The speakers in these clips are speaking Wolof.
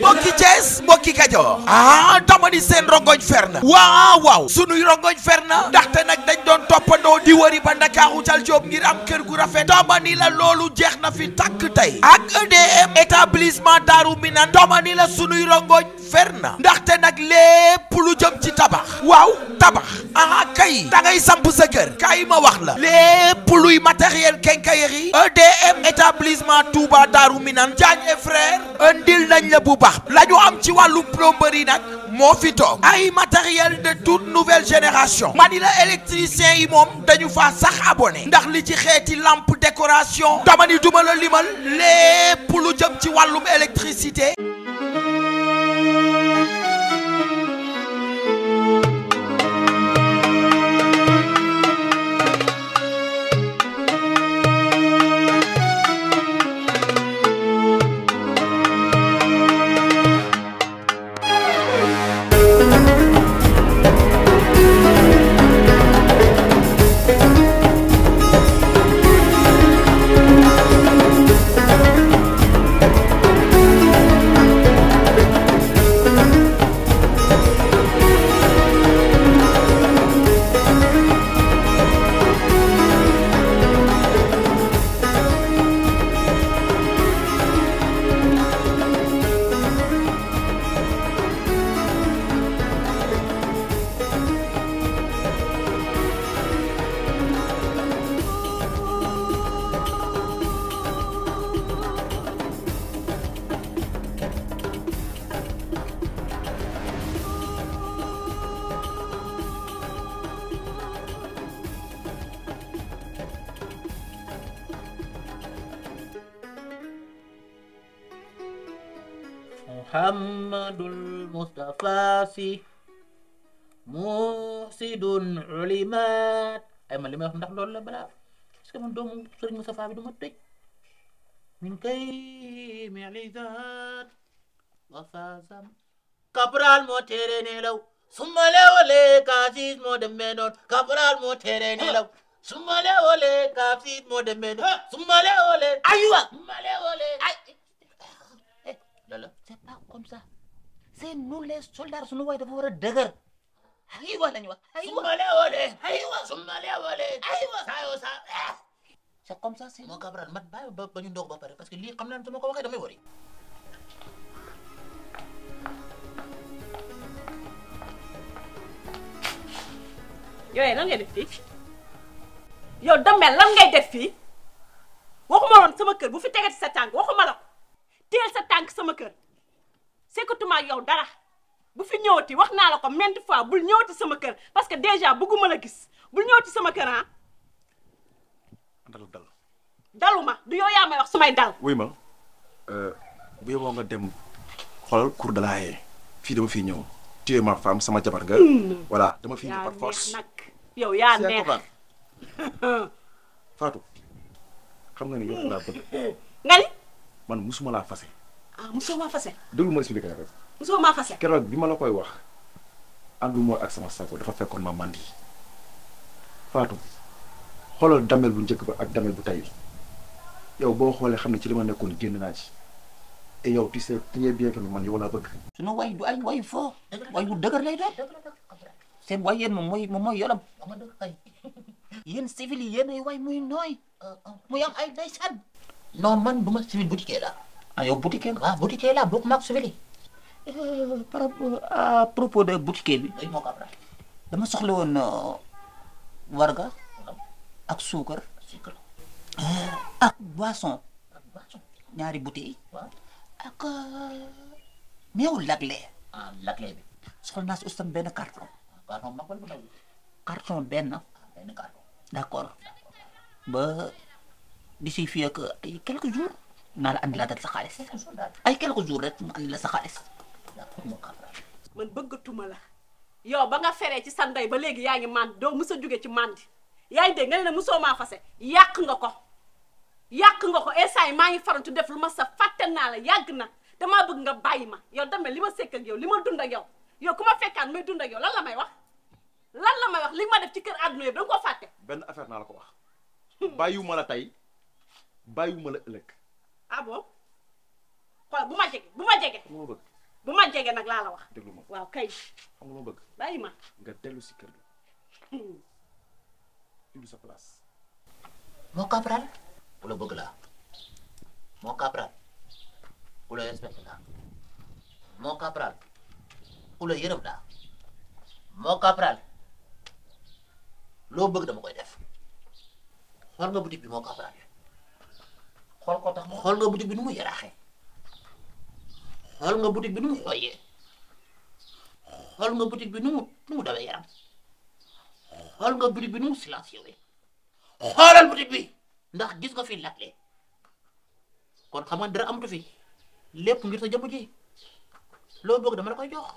mbokki Thiès mbokki Kajoor ah dama ni seen rongoñ fer na waaw waaw sunuy rongoñ fer na ndaxte nag dañ doon toppandoo di wëri ba Ndakaaru cal Joob ngir am kër gu rafet dama la loolu jeex na fi tàkk tey ak EDM établissement Daaru Minaan dama la sunuy rongoñ fer na ndaxte nag lépp lu jëm ci tabax waaw tabax ah kay da ngay samp sa kër kay ma wax la lépp luy matériel quincaillerie EDM établissement Touba Daaru Minaan Diagne et frère andil nañ la bu baax tabax la am ci wàllu plomberie nag moo fi toog ay matériel de toute nouvelle génération mani la électricien yi moom dañu faa sax abonné ndax li ci xeeti lampe décoration dama ni duma la limal lépp lu jëm ci wàllum électricité محمد المصطفى si musidun ulimat ay man li may wax ndax loolu la balaa parce que man doomu sëriñ Moustapha bi du ma tëj min kay milizat wasasam Cabral moo tere nelaw suma lewale kaasis moo demee noon Cabral moo tere nelaw suma lewale kaasis moo demee noon suma lewale aywa suma lewale ay lala c' est pas comme ça c' est nous les soldats suñu waay dafa war a dëgër aywa lañu wax aywa su ma lee woolee aywa su ma lee woolee aywa saa yoo eh. ba ba ñu ba pare parce que lii xam naa ne su ma ko waxee wari. yooyu lan ngay def fii yow Damel lan ngay def fii waxuma woon sama kër bu fi tegati sa tànk waxuma la teel sa tànk sama kër sekkatuma ak yow dara bu fi ñëwati wax naa la ko maintes fois bul ñëwati sama kër parce que déjà bëgguma la gis bul ñëwati sama kër ah. dal dal. daluma du yow yaa may wax su dal. wuy ma euh, bu yeboo nga dem xoolal cour de la Haye fii dama fiy ñëw téye ma femme sama jabar nga. Hmm. voilà dama fi ñëw par force yow yaa xam nga ni yow nga ni. man musuma laa fase. ah musoo maa fase. déglu ma expliqué la rek. musoo maa fase. keroog bi ma la koy wax ànduma ak sama sago dafa fekkoon ma mandi Fatou xoolal damel bu njëkk ba ak damel bu tey yow boo xoolee xam ne ci li ma nekkoon génn naa ci et yow tu sais très bien que man yow laa bëgg. sunu way du ay way foo way bu dëgër lay doon seen way yéen moom mooy moom mooy yolam yi yéen way muy nooy euh, euh, muy am ay ndeysaan. non man du ma civil boutiquier la ah yow boutiquier nga. Ah, euh, par rapport à propos de boutiquier bi. moo ko dama soxla woon euh, warga. ak suukar. suukar euh, ak boisson. ak boisson ñaari bouteille. ak meew lagle. ah soxla naa si ustam benn carton. carton benn. Ah, benn d'ici fii ak ay quelques jours naa la andilaa sa xaalis ay quelques jour rek mu andila sa xaalis. man bëggatuma la yow ba nga feree ci sa ndey ba léegi yaa ngi mànd doo mës a jóge ci màndi yaa ngi dégg nga ne la mosoo maa fase yàq nga ko yàq nga ko instant yi maa ngi farantu def lu ma sa fàtte naa la yàgg na damaa bëgg nga bàyyi ma yow damel li ma sekk yow li ma dund ak yow yow ku ma fekkaan may dund ak yow lan la may wax lan may wax li ma def ci kër àdduna yëpp da nga koo la ko wax bàyyiwuma la tey bàyyiwuma la ëllëg. ah bon bu ma jege bu ma jege. bu ma jege nag laa la wax. waaw kay. bëgg. bàyyi ma nga dellu si kër gi. Hmm. moo caporal. ku la bëgg laa. moo caporal. ku la respecté laa. moo caporal. loo bëgg dama koy def. xool nga boutique bi moo caporal. xool ko nga boutique bi nu mu yaraaxee xool nga boutique bi nu mu xooyee xool nga boutique bi nu mu nu mu xool nga boutique bi nu mu silence yowee bi ndax gis nga fi laajlee kon xam nga dara amatu fi lépp ngir sa jëmm ji loo bëgg dama la koy jox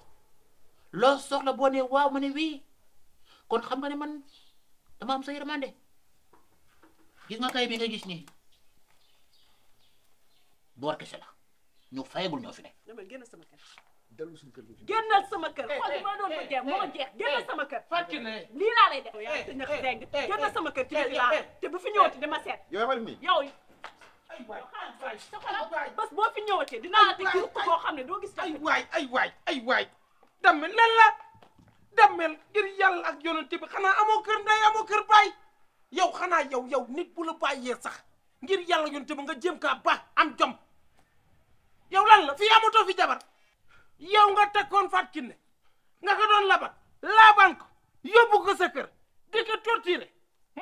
loo soxla boo ne waaw ma ne wii kon xam nga ne man dama am sa yërmande gis nga kay bi nga gis nii. door kese la ñu fayagul ñoo fi ne. dama a sama kër. dellu suñu kër gi. génnal sama kër eh, xool ma doon eh, ma eh, sama kër. fàttali lii laa lay def. yaa ngi nekk deng génnal sama kër ci biir laa te bu fi ñëwati dama seet. yow yaa ngi yow. parce que boo fi ñëwatee dinaa la teg groupe boo xam ne doo gis. ay waay ay waay ay waay dammel la dammel ngir yàlla ak yonent bi xanaa amoo kër ndey amoo kër yow xanaa yow yow nit bu la bàyyee sax ngir yàlla yoon te nga jéem kaa baax am jom yow lan la fii amatoo fi jabar yow nga tekkoon Fatou Kiné nga ko doon labat laabaan ko yóbbu ko sa kër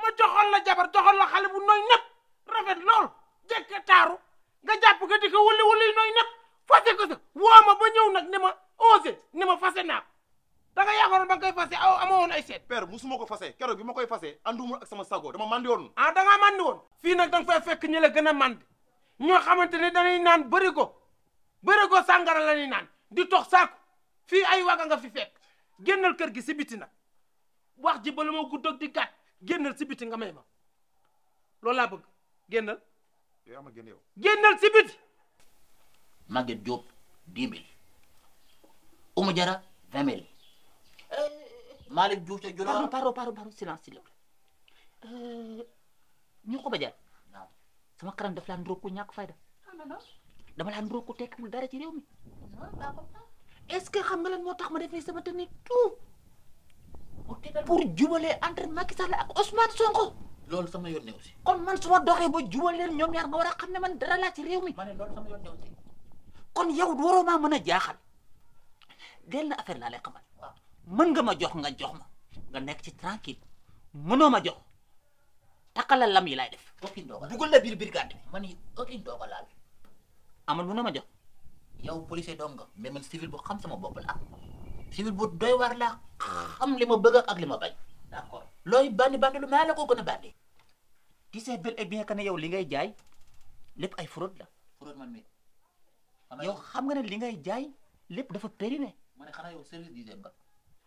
ma joxoon la jabar joxoon la xale bu nooy nëpp rafet lool jekk taaru nga jàpp ko di ko wuli wuli nëpp fase ko sa ba ñëw nag ne ma osé ne ma fase naa koy fase aw amoon ay seet père suma ko fase keroog bi ma koy fase andumul ak sama sago dama mandi woon a ah, da ngaa mandi woon fii nag danga fay fekk ñi la gën a mandi ñoo xamante ne dañuy naan bëri ko bëri ko sàngara la naan di tox saako fii ay waga nga fi fekk génnal kër gi si nag wax ji bala moo guddog di gàtt génnal si nga may ma loolu laa bëgg génnal yow ama génn yow génnal si biti Maguette Diop dix mille Oumou Malick Diouf ca Djolof pardon pardon pardon silence s'il vous plaît euh, ñu ko ba jaar sama kanam daf laa ndróog ku ñàkk fayda ah, dama laa ndróog ku tekkiwul dara ci réew mi est-ce que xam nga lan moo tax ma def nii sama technique tout pour jubalee entre Macky Sall ak Ousmane Sonko. loolu sama yoon ne kon man su ma doxee boo jubal leen ñoom ñaar nga war a xam ne man dara laa ci réew mi. ma ne loolu sama yoon ne aussi. kon yow waroo maa mën a jaaxal. dell na affaire laa lay xamal. mën nga ma jox nga jox ma nga nekk ci tranquille mënoo ma jox takkala lam yi laay def. kooku doo la biir brigade bi man it kooku doo ko ma jox. yow policier dong nga mais man civil xam sama bopp la civil bu doy war la xam li ma bëgg ak li ma bañ. d'accord looy bandi bandi lu maa la ko gën a bandi. tu sais bel et bien que ne yow li ngay jaay lépp ay fraude la. fraude man mi. yow xam nga ne li ngay jaay lépp dafa périmé. ma ne xanaa yow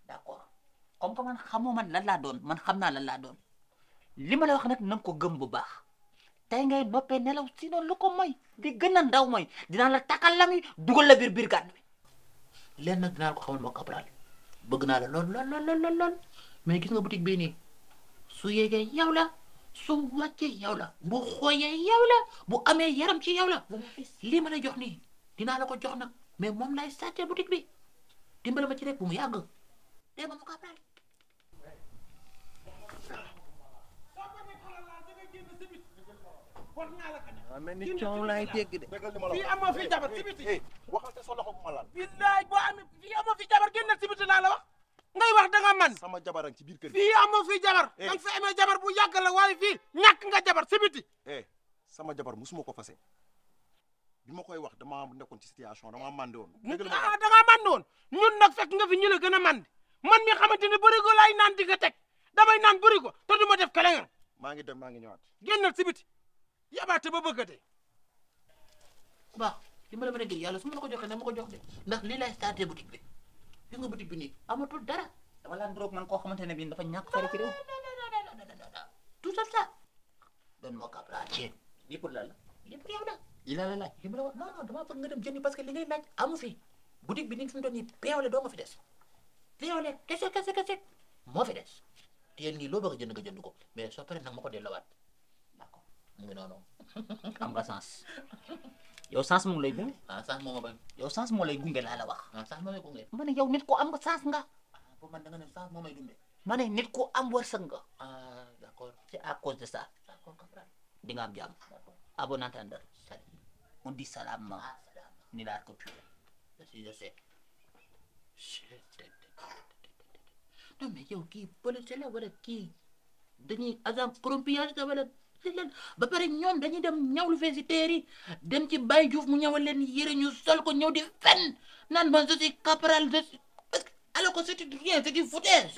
d'accord comme que man xamoo man lan laa doon man xam naa la laa doon li ma la wax nag na nga ko gëm bu baax tey ngay noppee nelaw sinon lu ko mooy di gën na ndaw mooy dinaa la takkal lami dugal la biir biir gànn bi leen nag dinaa ko xamal ma Cabral bëgg naa la lool lool lool lool lool mais gis nga boutique bii nii su yéegee yow la su wàccee yow la bu xooyee yow la bu amee yaram ci yow la lii ma lay jox nii dinaa la ko jox nag mais moom lay sàccee boutique bi dimbale ma ci rek bu mu yàgg dee ba ni coow laay dégg de. fii amoo fi jabar ci biti. waxal te sa laal. billaay boo amee fii amoo fi jabar génnal ci biti laa la wax. ngay wax da man sama jabar ci biir kër gi. fii amoo fi jabar. da nga jabar bu yàgg waaye fii ñàkk jabar ci sama jabar musuma ko fase bi ma koy wax damaa ci situation damaa màndi woon. woon ñun nag fekk fi ñu la gën a màndi. man mi xamante ne bërigo laay naan di nga teg damay naan bërigo te du ma def kelenga maa ngi dem maa ngi ñëwaat. génnal si biti a ba bëgg a dee. ba li ma la mën a gën yàlla su ma ko joxee ne ma ko jox de ndax lii laay starté boutique bi fi nga boutique bi nii amatul dara dama laan droog man koo xamante ne bii dafa ñàkk fari ci réew. tout ça ça. doon moo kàpp laa ceeb lii pour la la lii pour yow la. lii la da laaj li ma la wax non non damaa bëgg nga dem jëndi parce que li ngay laaj amu fi boutique bi nii fi doo nga fi des. violet kese kese kese moo fi des te yéen ñii loo bëgg a jënd nga jënd ko mais soo paree nag ma ko delloowaat d'accord mu ngi noonu am nga sens yow sens moom lay gunge. ah sens moom yow sens moo lay gunge laa la wax. ah sens moo lay ko am nga sens nga. ah boobu man da moo ma ne nit ko am wërsëg nga. ah d'accord c'est à de ça. d'accord am jàmm. non mais yow kii policier la wala kii dañuy agent corrompillage la wala ba pare ñoom dañuy dem ñawlu fee si teer yi dem ci Baye Diouf mu ñawal leen yére ñu sol ko ñëw di fen naan man je suis caporal je suis alors que c'est rien c'est du foutage